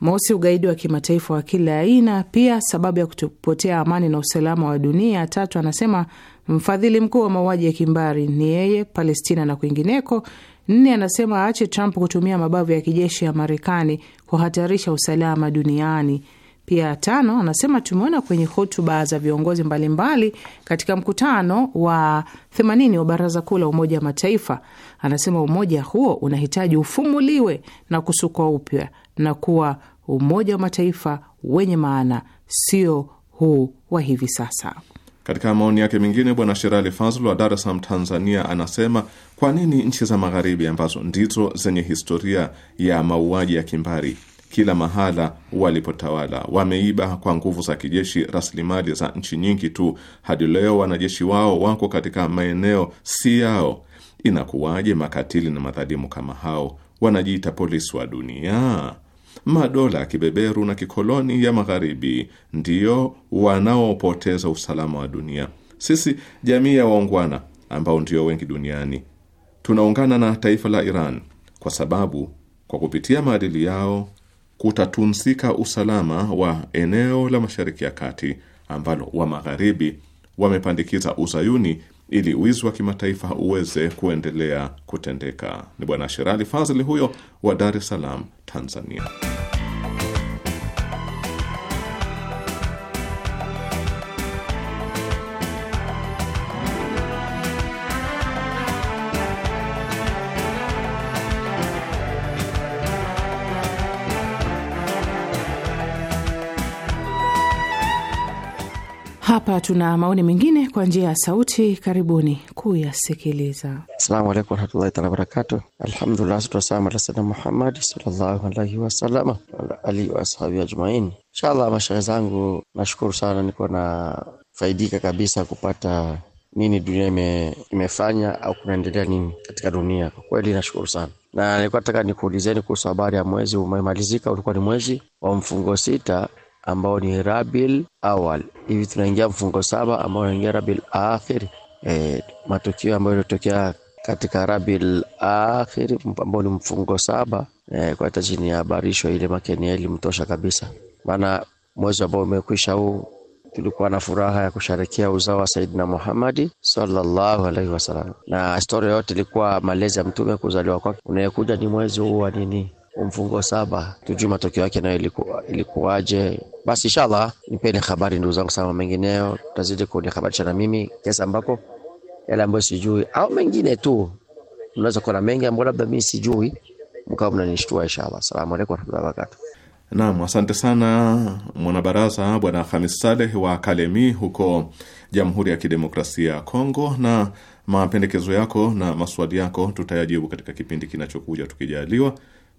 Mosi, ugaidi wa kimataifa wa kila aina, pia sababu ya kutopotea amani na usalama wa dunia. Tatu, anasema mfadhili mkuu wa mauaji ya kimbari ni yeye, Palestina na kwingineko. Nne, anasema aache Trump kutumia mabavu ya kijeshi ya Marekani kuhatarisha usalama duniani. Pia tano, anasema tumeona kwenye hotuba za viongozi mbalimbali katika mkutano wa 80 wa Baraza Kuu la Umoja wa Mataifa, anasema umoja huo unahitaji ufumuliwe na kusukwa upya na kuwa Umoja wa Mataifa wenye maana, sio huu wa hivi sasa. Katika maoni yake mengine, Bwana Sherali Fazl wa Dar es Salaam, Tanzania, anasema kwa nini nchi za Magharibi ambazo ndizo zenye historia ya mauaji ya kimbari kila mahala walipotawala wameiba kwa nguvu za kijeshi rasilimali za nchi nyingi tu. Hadi leo wanajeshi wao wako katika maeneo si yao. Inakuwaje makatili na madhalimu kama hao wanajiita polisi wa dunia? madola ya kibeberu na kikoloni ya magharibi ndiyo wanaopoteza usalama wa dunia. Sisi jamii ya waungwana ambao ndio wengi duniani tunaungana na taifa la Iran kwa sababu kwa kupitia maadili yao kutatunzika usalama wa eneo la Mashariki ya Kati ambalo wa magharibi wamepandikiza uzayuni ili wizi wa kimataifa uweze kuendelea kutendeka. Ni Bwana Sherali Fazili huyo wa Dar es Salaam, Tanzania. Hapa tuna maoni mengine kwa njia ya sauti, karibuni kuyasikiliza. Asalamu alaikum warahmatullahi taala wabarakatu. Alhamdulillah, wasalamu ala sayyidina Muhammad sallallahu alaihi wasalama wala alihi wa ashabihi ajmain. Inshallah, mashehe zangu, nashukuru sana, niko na faidika kabisa kupata nini dunia ime, imefanya au kunaendelea nini katika dunia. Kwa kweli nashukuru sana, na nilikuwa nataka nikuulizeni kuhusu habari ya mwezi umemalizika. Ulikuwa ni mwezi wa mfungo sita ambao ni Rabil Awal. Hivi tunaingia mfungo saba ambao unaingia Rabil Akhir. E, matukio ambayo yalitokea katika Rabil Akhir ambao ni mfungo saba e, kwa hata chini ya habarisho ile makeni elimu tosha kabisa, maana mwezi ambao umekwisha huu tulikuwa na furaha ya kusherekea uzao wa Saidina Muhammad sallallahu alaihi wasallam, na historia yote ilikuwa malezi ya mtume kuzaliwa kwake. Unayekuja ni mwezi huu wa nini mfungo saba, tujue matokeo yake nayo ilikuwaje iliku, Basi inshallah nipeni habari ndugu zangu sana, mengineo tutazidi kunihabarisha na mimi kesa ambako yale ambayo sijui au mengine tu, mnaweza kuwa na mengi ambayo labda mimi sijui, mkawa mnanishtua inshallah. Asalamu alaykum warahmatullahi wabarakatuh. Naam, asante sana mwanabaraza Bwana Hamis Saleh wa Kalemi huko Jamhuri ya Kidemokrasia ya Kongo, na mapendekezo yako na maswali yako tutayajibu katika kipindi kinachokuja tukijaliwa.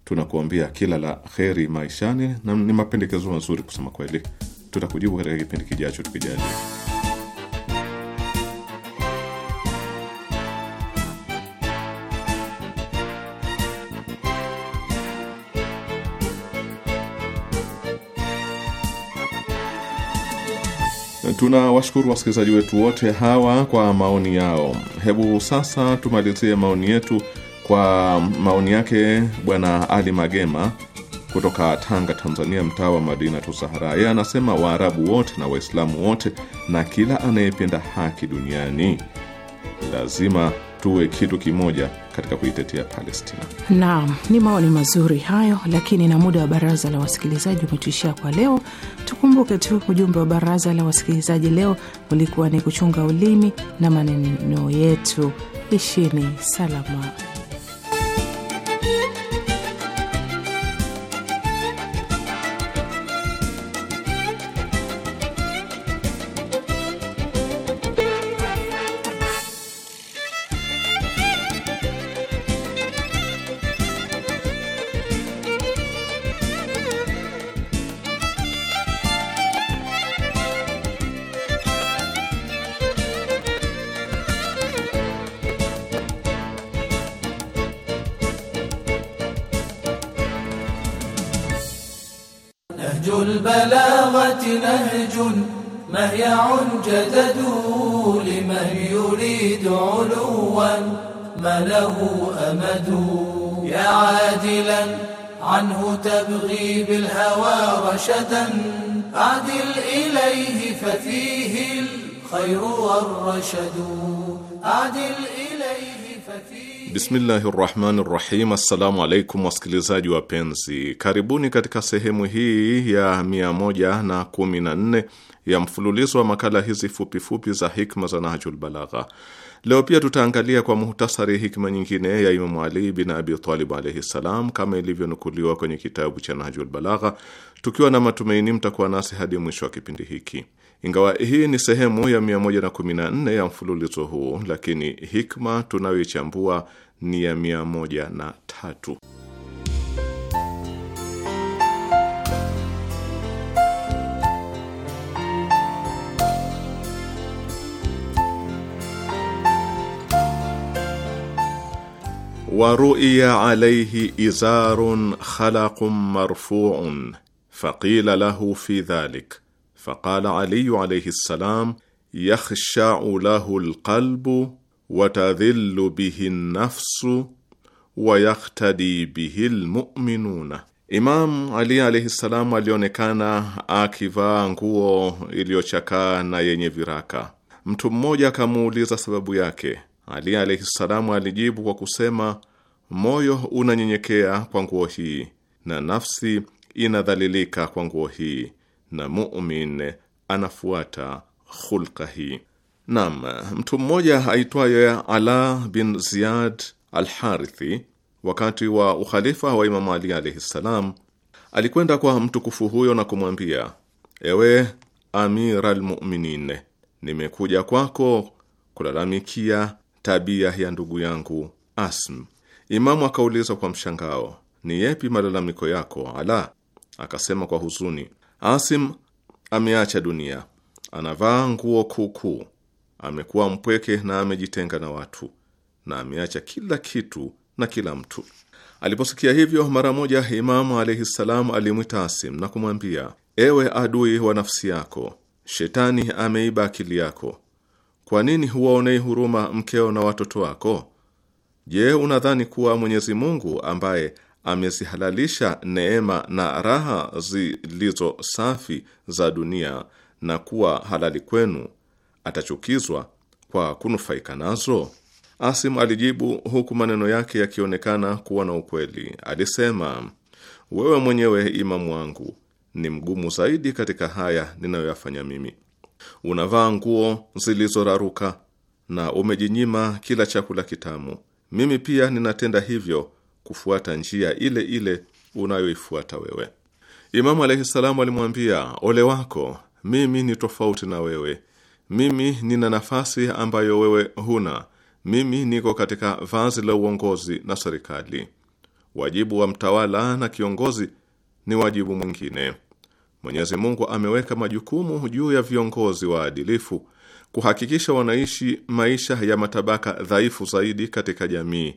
Tunakuambia kila la kheri maishani, na ni mapendekezo mazuri kusema kweli. Tutakujibu katika kipindi kijacho tukijalia. Tunawashukuru wasikilizaji wetu wote hawa kwa maoni yao. Hebu sasa tumalizie maoni yetu kwa maoni yake Bwana Ali Magema kutoka Tanga, Tanzania, mtaa wa Madinatu Sahara. Yeye anasema Waarabu wote na Waislamu wote na kila anayependa haki duniani lazima tuwe kitu kimoja katika kuitetea Palestina. Naam, ni maoni mazuri hayo, lakini na muda wa baraza la wasikilizaji umetuishia kwa leo. Tukumbuke tu ujumbe wa baraza la wasikilizaji leo ulikuwa ni kuchunga ulimi na maneno yetu. Ishini salama. جددوا لمن يريد علوا ما له أمد يا عادلا عنه تبغي بالهوى رشدا أعدل إليه ففيه الخير والرشد أعدل إليه ففيه Bismillahi rahmani rahim. Assalamu alaikum wasikilizaji wapenzi, karibuni katika sehemu hii ya 114 ya mfululizo wa makala hizi fupifupi za hikma za Nahjul Balagha. Leo pia tutaangalia kwa muhtasari hikma nyingine ya Imamu Ali bin Abi Talib alaihi ssalam, kama ilivyonukuliwa kwenye kitabu cha Nahjul Balagha, tukiwa na matumaini mtakuwa nasi hadi mwisho wa kipindi hiki. Ingawa hii ni sehemu ya 114 ya mfululizo huu, lakini hikma tunayoichambua ni ya 103. wa ru'iya alayhi izarun khalaqun marfu'un faqila lahu fi dhalik faqala Ali alayhi salam yakhsha'u lahu alqalbu wa bihi an-nafsu wa yaqtadi bihi almu'minuna. Imam Ali alayhi salam alionekana akivaa nguo iliyochakaa na yenye viraka. Mtu mmoja akamuuliza sababu yake. Ali alayhi salamu alijibu kwa kusema moyo unanyenyekea kwa nguo hii na nafsi inadhalilika kwa nguo hii na mumin anafuata khulka hii. Naam, mtu mmoja aitwaye Ala bin Ziyad Alharithi wakati wa ukhalifa wa Imamu Ali alaihi ssalam alikwenda kwa mtukufu huyo na kumwambia, ewe Amir almuminin, nimekuja kwako kulalamikia tabia ya ndugu yangu Asm. Imamu akauliza kwa mshangao, ni yepi malalamiko yako? Ala, akasema kwa huzuni, Asim ameacha dunia, anavaa nguo kuukuu, amekuwa mpweke na amejitenga na watu, na ameacha kila kitu na kila mtu. Aliposikia hivyo, mara moja Imamu alaihi ssalam alimwita Asim na kumwambia, ewe adui wa nafsi yako, shetani ameiba akili yako. Kwa nini huwaonei huruma mkeo na watoto wako? Je, unadhani kuwa Mwenyezi Mungu ambaye amezihalalisha neema na raha zilizo safi za dunia na kuwa halali kwenu atachukizwa kwa kunufaika nazo? Asim alijibu huku maneno yake yakionekana kuwa na ukweli. Alisema, wewe mwenyewe imamu wangu ni mgumu zaidi katika haya ninayoyafanya mimi. Unavaa nguo zilizoraruka na umejinyima kila chakula kitamu mimi pia ninatenda hivyo kufuata njia ile ile unayoifuata wewe. Imamu alaihi salamu alimwambia, ole wako, mimi ni tofauti na wewe. Mimi nina nafasi ambayo wewe huna. Mimi niko katika vazi la uongozi na serikali. Wajibu wa mtawala na kiongozi ni wajibu mwingine. Mwenyezi Mungu ameweka majukumu juu ya viongozi waadilifu kuhakikisha wanaishi maisha ya matabaka dhaifu zaidi katika jamii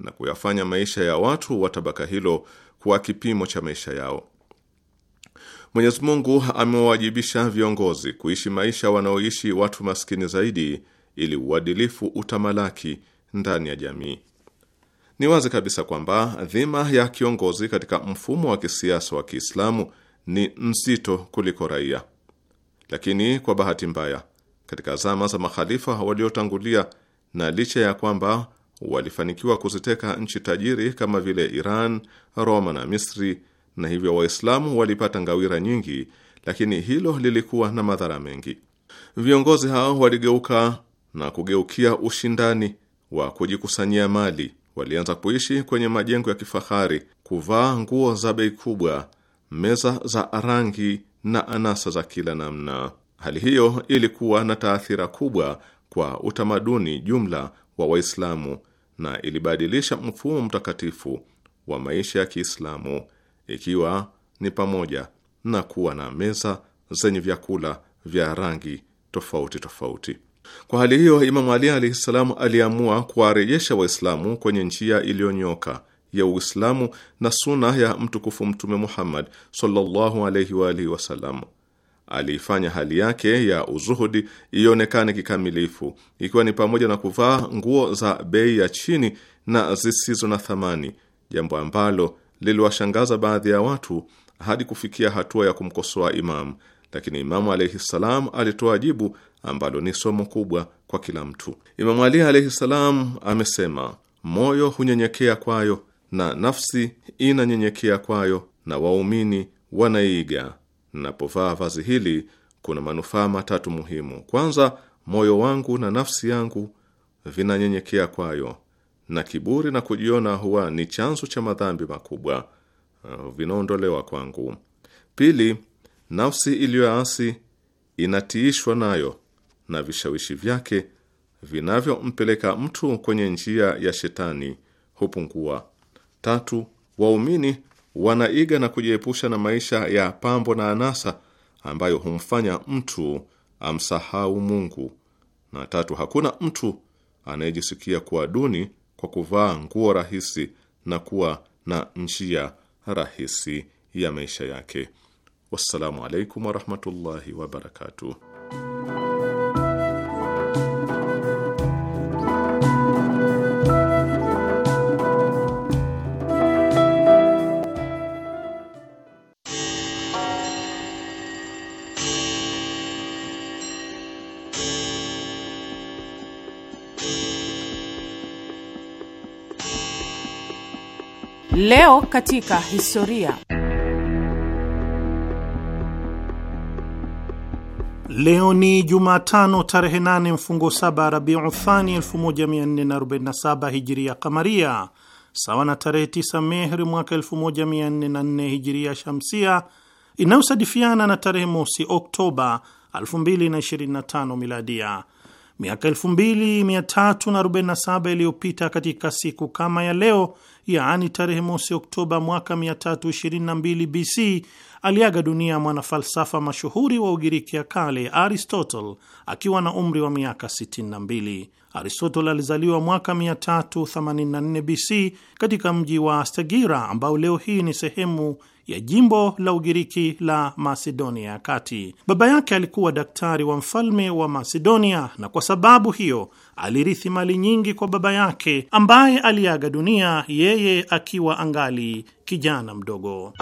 na kuyafanya maisha ya watu wa tabaka hilo kuwa kipimo cha maisha yao. Mwenyezi Mungu viongozi kuishi maisha wanaoishi watu maskini zaidi ili uadilifu utamalaki ndani ya jamii. Ni wazi kabisa kwamba dhima ya kiongozi katika mfumo wa kisiasa wa Kiislamu ni nzito kuliko raia, lakini kwa bahati mbaya katika zama za makhalifa waliotangulia, na licha ya kwamba walifanikiwa kuziteka nchi tajiri kama vile Iran, Roma na Misri, na hivyo Waislamu walipata ngawira nyingi, lakini hilo lilikuwa na madhara mengi. Viongozi hao waligeuka na kugeukia ushindani wa kujikusanyia mali. Walianza kuishi kwenye majengo ya kifahari, kuvaa nguo za bei kubwa, meza za rangi na anasa za kila namna. Hali hiyo ilikuwa na taathira kubwa kwa utamaduni jumla wa Waislamu na ilibadilisha mfumo mtakatifu wa maisha ya Kiislamu, ikiwa ni pamoja na kuwa na meza zenye vyakula vya rangi tofauti tofauti. Kwa hali hiyo, Imamu Ali alaihi salamu aliamua kuwarejesha Waislamu kwenye njia iliyonyoka ya Uislamu na suna ya mtukufu Mtume Muhammad sallallahu alaihi wa alihi wasallam aliifanya hali yake ya uzuhudi ionekane kikamilifu, ikiwa ni pamoja na kuvaa nguo za bei ya chini na zisizo na thamani, jambo ambalo liliwashangaza baadhi ya watu hadi kufikia hatua ya kumkosoa Imamu. Lakini Imamu alaihi salam alitoa jibu ambalo ni somo kubwa kwa kila mtu. Imamu Ali alaihi salam amesema, moyo hunyenyekea kwayo na nafsi inanyenyekea kwayo, na waumini wanaiga Ninapovaa vazi hili kuna manufaa matatu muhimu. Kwanza, moyo wangu na nafsi yangu vinanyenyekea kwayo, na kiburi na kujiona huwa ni chanzo cha madhambi makubwa uh, vinaondolewa kwangu. Pili, nafsi iliyoasi inatiishwa nayo na vishawishi vyake vinavyompeleka mtu kwenye njia ya shetani hupungua. Tatu, waumini wanaiga na kujiepusha na maisha ya pambo na anasa ambayo humfanya mtu amsahau Mungu. Na tatu, hakuna mtu anayejisikia kuwa duni kwa kuvaa nguo rahisi na kuwa na njia rahisi ya maisha yake. Wassalamu alaikum warahmatullahi wabarakatuh. Leo katika historia. Leo ni Jumatano tarehe 8 mfungo 7 Rabiu Thani 1447 hijiria kamaria, sawa na tarehe 9 Mehri mwaka 1404 hijiria shamsia, inayosadifiana na tarehe mosi Oktoba 2025 miladia miaka 2347 iliyopita katika siku kama ya leo, yaani tarehe mosi Oktoba mwaka 322 BC, aliaga dunia mwanafalsafa mashuhuri wa Ugiriki ya kale Aristotle akiwa na umri wa miaka 62. Aristotle alizaliwa mwaka 384 BC katika mji wa Stagira ambao leo hii ni sehemu ya jimbo la Ugiriki la Masedonia ya Kati. Baba yake alikuwa daktari wa mfalme wa Masedonia, na kwa sababu hiyo alirithi mali nyingi kwa baba yake ambaye aliaga dunia yeye akiwa angali kijana mdogo.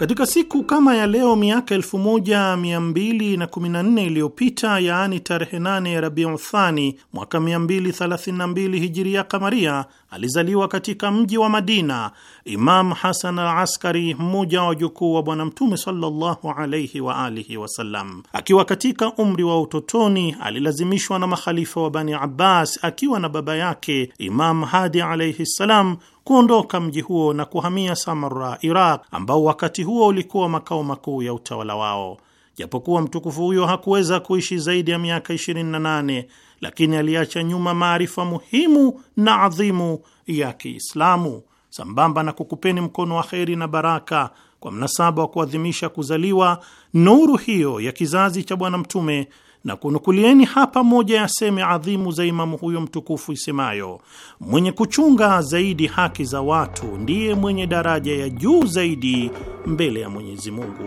Katika siku kama ya leo miaka 1214 iliyopita, yaani tarehe 8 ya Rabiu Thani mwaka 232 hijiria kamaria, Alizaliwa katika mji wa Madina. Imam Hasan al Askari, mmoja wa jukuu wa Bwana Mtume sallallahu alaihi wa alihi wasallam, akiwa katika umri wa utotoni alilazimishwa na makhalifa wa Bani Abbas akiwa na baba yake Imam Hadi alaihi ssalam kuondoka mji huo na kuhamia Samarra, Iraq, ambao wakati huo ulikuwa makao makuu ya utawala wao. Japokuwa mtukufu huyo hakuweza kuishi zaidi ya miaka 28, lakini aliacha nyuma maarifa muhimu na adhimu ya Kiislamu, sambamba na kukupeni mkono wa kheri na baraka kwa mnasaba wa kuadhimisha kuzaliwa nuru hiyo ya kizazi cha Bwana Mtume na kunukulieni hapa moja ya seme adhimu za imamu huyo mtukufu isemayo, mwenye kuchunga zaidi haki za watu ndiye mwenye daraja ya juu zaidi mbele ya Mwenyezi Mungu.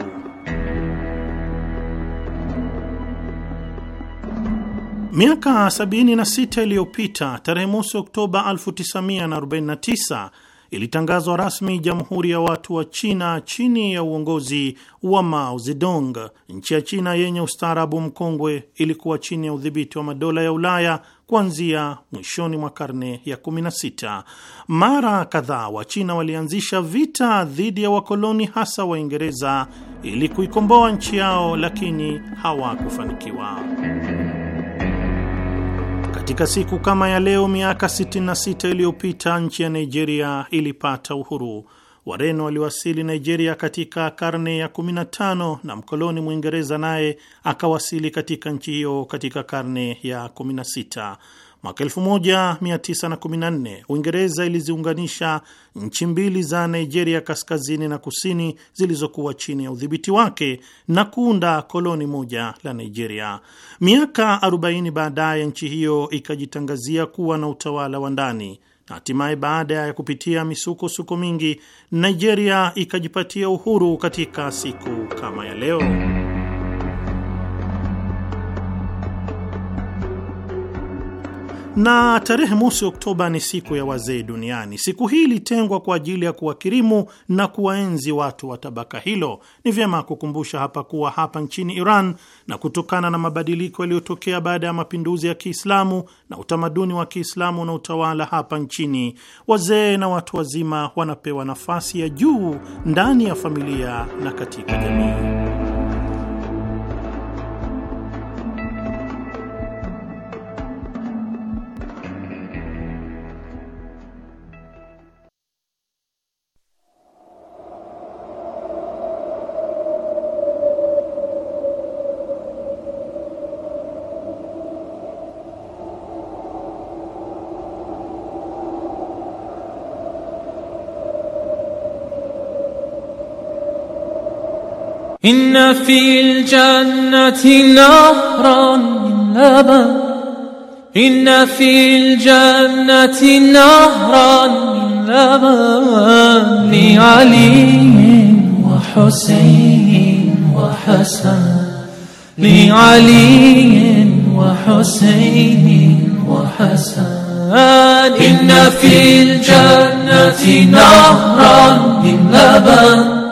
Miaka 76 iliyopita tarehe mosi Oktoba 1949 ilitangazwa rasmi Jamhuri ya Watu wa China chini ya uongozi wa Mao Zedong. Nchi ya China yenye ustaarabu mkongwe ilikuwa chini ya udhibiti wa madola ya Ulaya kuanzia mwishoni mwa karne ya 16. Mara kadhaa Wachina walianzisha vita dhidi ya wakoloni, hasa Waingereza, ili kuikomboa nchi yao, lakini hawakufanikiwa. Katika siku kama ya leo miaka 66 iliyopita nchi ya Nigeria ilipata uhuru. Wareno waliwasili Nigeria katika karne ya 15 na mkoloni Mwingereza naye akawasili katika nchi hiyo katika karne ya 16. Mwaka 1914 Uingereza iliziunganisha nchi mbili za Nigeria kaskazini na kusini zilizokuwa chini ya udhibiti wake na kuunda koloni moja la Nigeria. Miaka 40 baadaye, nchi hiyo ikajitangazia kuwa na utawala wa ndani na hatimaye, baada ya kupitia misukosuko mingi, Nigeria ikajipatia uhuru katika siku kama ya leo. Na tarehe mosi Oktoba ni siku ya wazee duniani. Siku hii ilitengwa kwa ajili ya kuwakirimu na kuwaenzi watu wa tabaka hilo. Ni vyema kukumbusha hapa kuwa hapa nchini Iran, na kutokana na mabadiliko yaliyotokea baada ya mapinduzi ya Kiislamu na utamaduni wa Kiislamu na utawala hapa nchini, wazee na watu wazima wanapewa nafasi ya juu ndani ya familia na katika jamii. إن في الجنة نهرا من لبن إن في الجنة نهرا من لبن لعلي وحسين وحسن لعلي وحسين وحسن إن في الجنة نهرا من لبن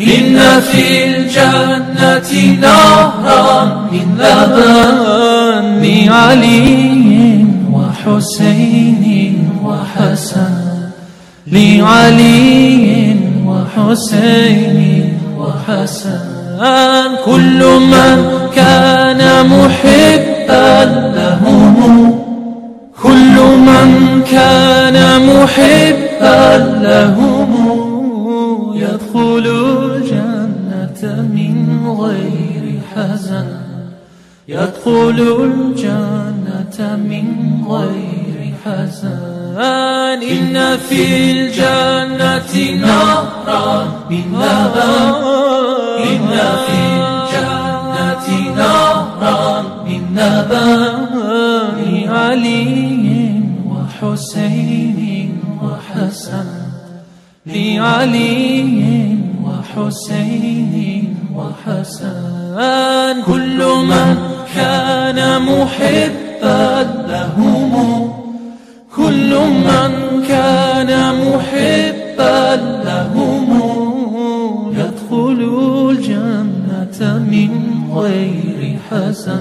إن في الجنة نهرا من لبن علي وحسين وحسن لعلي وحسين وحسن كل من كان محبا لهم كل من كان محبا لهم يدخل الجنة من غير حزان إن في الجنة نارا من لبن إن في الجنة نارا من لبن علي وحسين وحسن لعلي وحسين وحسن كل من كان محبا لهم كل من كان محبا لهم يدخل الجنة من غير حسن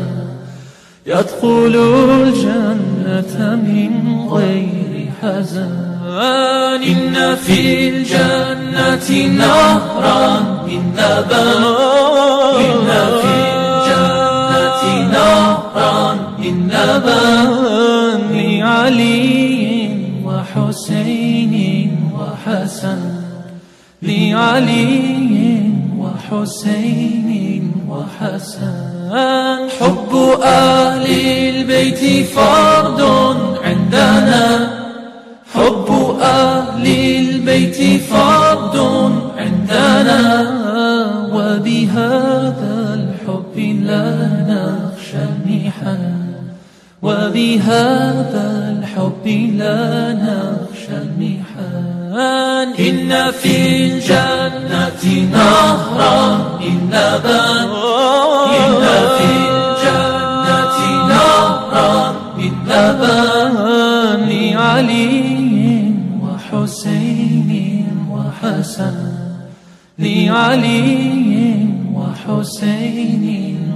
يدخل الجنة من غير حزن إن في الجنة نهرا من لبن إن في إن إنما لعلي وحسين وحسن لعلي وحسين وحسن حب أهل البيت فرض عندنا حب أهل البيت فرض عندنا وبهذا الحب لنا شانحا وبهذا الحب لا نخشى المحن إن في الجنة نهرا من لبن إن في الجنة نهرا من لبن لعلي وحسين وحسن لعلي وحسين